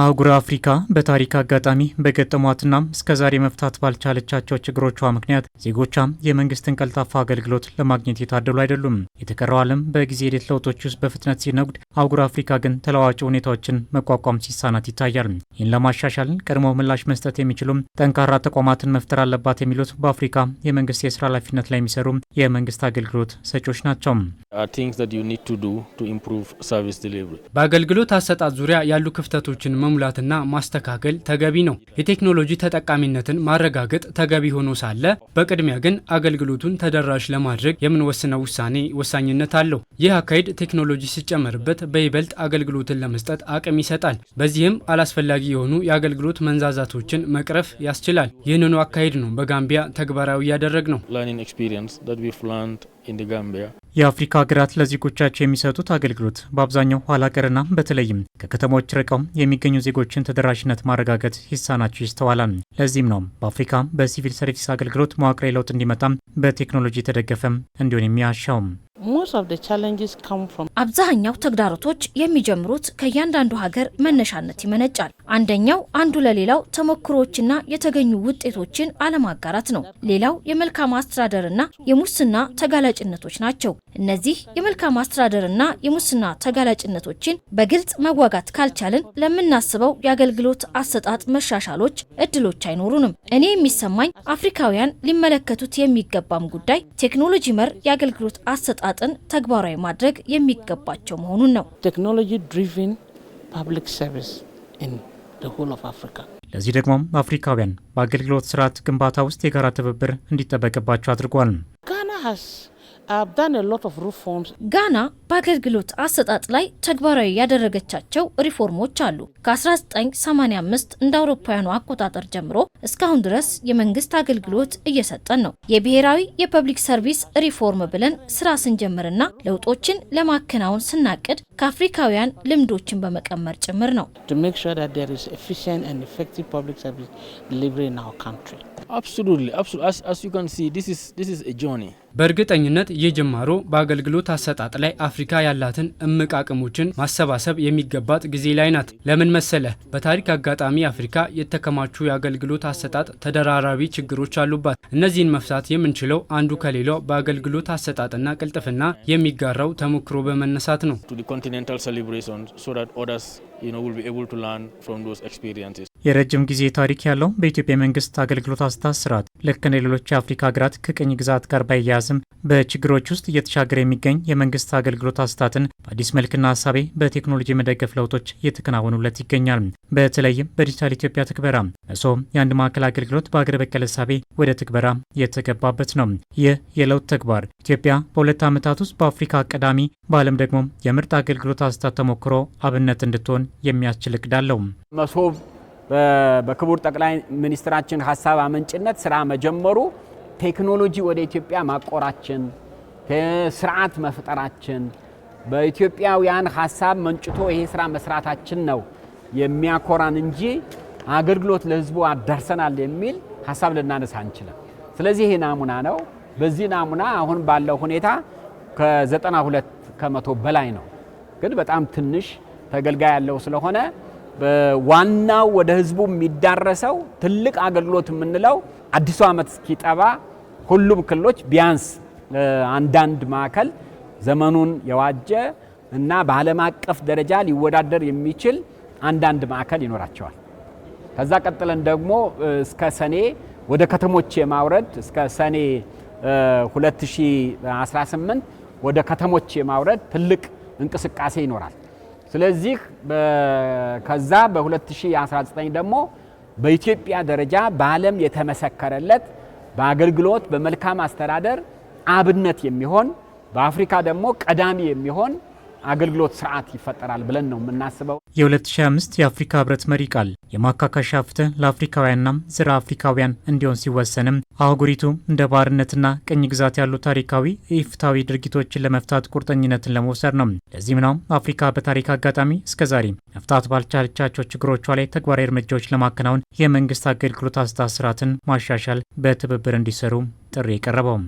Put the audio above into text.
አህጉረ አፍሪካ በታሪክ አጋጣሚ በገጠሟትና እስከዛሬ መፍታት ባልቻለቻቸው ችግሮቿ ምክንያት ዜጎቿ የመንግስትን ቀልጣፋ አገልግሎት ለማግኘት የታደሉ አይደሉም። የተቀረው ዓለም በጊዜ ሂደት ለውጦች ውስጥ በፍጥነት ሲነጉድ፣ አህጉረ አፍሪካ ግን ተለዋጭ ሁኔታዎችን መቋቋም ሲሳናት ይታያል። ይህን ለማሻሻል ቀድሞ ምላሽ መስጠት የሚችሉም ጠንካራ ተቋማትን መፍጠር አለባት የሚሉት በአፍሪካ የመንግስት የስራ ኃላፊነት ላይ የሚሰሩ የመንግስት አገልግሎት ሰጪዎች ናቸው። በአገልግሎት አሰጣት ዙሪያ ያሉ ክፍተቶችን መሙላትና ማስተካከል ተገቢ ነው። የቴክኖሎጂ ተጠቃሚነትን ማረጋገጥ ተገቢ ሆኖ ሳለ በቅድሚያ ግን አገልግሎቱን ተደራሽ ለማድረግ የምንወስነው ውሳኔ ወሳኝነት አለው። ይህ አካሄድ ቴክኖሎጂ ሲጨመርበት በይበልጥ አገልግሎትን ለመስጠት አቅም ይሰጣል። በዚህም አላስፈላጊ የሆኑ የአገልግሎት መንዛዛቶችን መቅረፍ ያስችላል። ይህንኑ አካሄድ ነው በጋምቢያ ተግባራዊ እያደረግ ነው። የአፍሪካ ሀገራት ለዜጎቻቸው የሚሰጡት አገልግሎት በአብዛኛው ኋላ ቀርና በተለይም ከከተሞች ርቀው የሚገኙ ዜጎችን ተደራሽነት ማረጋገጥ ሲሳናቸው ይስተዋላል። ለዚህም ነው በአፍሪካ በሲቪል ሰርቪስ አገልግሎት መዋቅራዊ ለውጥ እንዲመጣም በቴክኖሎጂ የተደገፈም እንዲሆን የሚያሻውም አብዛኛው ተግዳሮቶች የሚጀምሩት ከእያንዳንዱ ሀገር መነሻነት ይመነጫል። አንደኛው አንዱ ለሌላው ተሞክሮዎችና የተገኙ ውጤቶችን አለማጋራት ነው። ሌላው የመልካም አስተዳደርና የሙስና ተጋላጭነቶች ናቸው። እነዚህ የመልካም አስተዳደርና የሙስና ተጋላጭነቶችን በግልጽ መዋጋት ካልቻልን ለምናስበው የአገልግሎት አሰጣጥ መሻሻሎች እድሎች አይኖሩንም። እኔ የሚሰማኝ አፍሪካውያን ሊመለከቱት የሚገባም ጉዳይ ቴክኖሎጂ መር የአገልግሎት አሰጣጥን ተግባራዊ ማድረግ የሚገባቸው መሆኑን ነው። ቴክኖሎጂ ድሪቭን ፐብሊክ ሰርቪስ ኢን ዘ ሆል ኦፍ አፍሪካ። ለዚህ ደግሞም አፍሪካውያን በአገልግሎት ስርዓት ግንባታ ውስጥ የጋራ ትብብር እንዲጠበቅባቸው አድርጓል። ጋና በአገልግሎት አሰጣጥ ላይ ተግባራዊ ያደረገቻቸው ሪፎርሞች አሉ። ከ1985 እንደ አውሮፓውያኑ አቆጣጠር ጀምሮ እስካሁን ድረስ የመንግስት አገልግሎት እየሰጠን ነው። የብሔራዊ የፐብሊክ ሰርቪስ ሪፎርም ብለን ስራ ስንጀምርና ለውጦችን ለማከናወን ስናቅድ ከአፍሪካውያን ልምዶችን በመቀመር ጭምር ነው። Absolutely, absolutely. As, as you can see, this is, this በእርግጠኝነት ይህ ጅማሮ በአገልግሎት አሰጣጥ ላይ አፍሪካ ያላትን እምቅ አቅሞችን ማሰባሰብ የሚገባት ጊዜ ላይ ናት። ለምን መሰለህ? በታሪክ አጋጣሚ አፍሪካ የተከማቹ የአገልግሎት አሰጣጥ ተደራራቢ ችግሮች አሉባት። እነዚህን መፍታት የምንችለው አንዱ ከሌላው በአገልግሎት አሰጣጥና ቅልጥፍና የሚጋራው ተሞክሮ በመነሳት ነው። የረጅም ጊዜ ታሪክ ያለው በኢትዮጵያ መንግስት አገልግሎት አሰጣጥ ስርዓት ልክ እንደ ሌሎች የአፍሪካ ሀገራት ከቅኝ ግዛት ጋር ባያ በችግሮች ውስጥ እየተሻገረ የሚገኝ የመንግስት አገልግሎት አሰጣጥን በአዲስ መልክና ሀሳቤ በቴክኖሎጂ መደገፍ ለውጦች እየተከናወኑለት ይገኛል። በተለይም በዲጂታል ኢትዮጵያ ትግበራ መሶም የአንድ ማዕከል አገልግሎት በአገር በቀል እሳቤ ወደ ትግበራ የተገባበት ነው። ይህ የለውጥ ተግባር ኢትዮጵያ በሁለት ዓመታት ውስጥ በአፍሪካ ቀዳሚ፣ በዓለም ደግሞ የምርጥ አገልግሎት አሰጣጥ ተሞክሮ አብነት እንድትሆን የሚያስችል እቅድ አለው። መሶብ በክቡር ጠቅላይ ሚኒስትራችን ሀሳብ አመንጭነት ስራ መጀመሩ ቴክኖሎጂ ወደ ኢትዮጵያ ማቆራችን ስርዓት መፍጠራችን በኢትዮጵያውያን ሀሳብ መንጭቶ ይሄ ስራ መስራታችን ነው የሚያኮራን እንጂ አገልግሎት ለህዝቡ አዳርሰናል የሚል ሀሳብ ልናነሳ አንችልም። ስለዚህ ይሄ ናሙና ነው። በዚህ ናሙና አሁን ባለው ሁኔታ ከ92 ከመቶ በላይ ነው፣ ግን በጣም ትንሽ ተገልጋይ ያለው ስለሆነ ዋናው ወደ ህዝቡ የሚዳረሰው ትልቅ አገልግሎት የምንለው አዲሱ ዓመት እስኪጠባ ሁሉም ክልሎች ቢያንስ አንዳንድ ማዕከል ዘመኑን የዋጀ እና በዓለም አቀፍ ደረጃ ሊወዳደር የሚችል አንዳንድ ማዕከል ይኖራቸዋል። ከዛ ቀጥለን ደግሞ እስከ ሰኔ ወደ ከተሞች የማውረድ እስከ ሰኔ 2018 ወደ ከተሞች የማውረድ ትልቅ እንቅስቃሴ ይኖራል። ስለዚህ ከዛ በ2019 ደግሞ በኢትዮጵያ ደረጃ በዓለም የተመሰከረለት በአገልግሎት በመልካም አስተዳደር አብነት የሚሆን በአፍሪካ ደግሞ ቀዳሚ የሚሆን አገልግሎት ስርዓት ይፈጠራል ብለን ነው የምናስበው። የ2025 የአፍሪካ ህብረት መሪ ቃል የማካካሻ ፍትህ ለአፍሪካውያንና ዘረ አፍሪካውያን እንዲሆን ሲወሰንም አህጉሪቱ እንደ ባርነትና ቅኝ ግዛት ያሉ ታሪካዊ ኢፍታዊ ድርጊቶችን ለመፍታት ቁርጠኝነትን ለመውሰድ ነው። ለዚህም ነው አፍሪካ በታሪክ አጋጣሚ እስከዛሬ መፍታት ባልቻለቻቸው ችግሮቿ ላይ ተግባራዊ እርምጃዎች ለማከናወን የመንግስት አገልግሎት አሰጣጥ ስርዓትን ማሻሻል በትብብር እንዲሰሩ ጥሪ የቀረበው።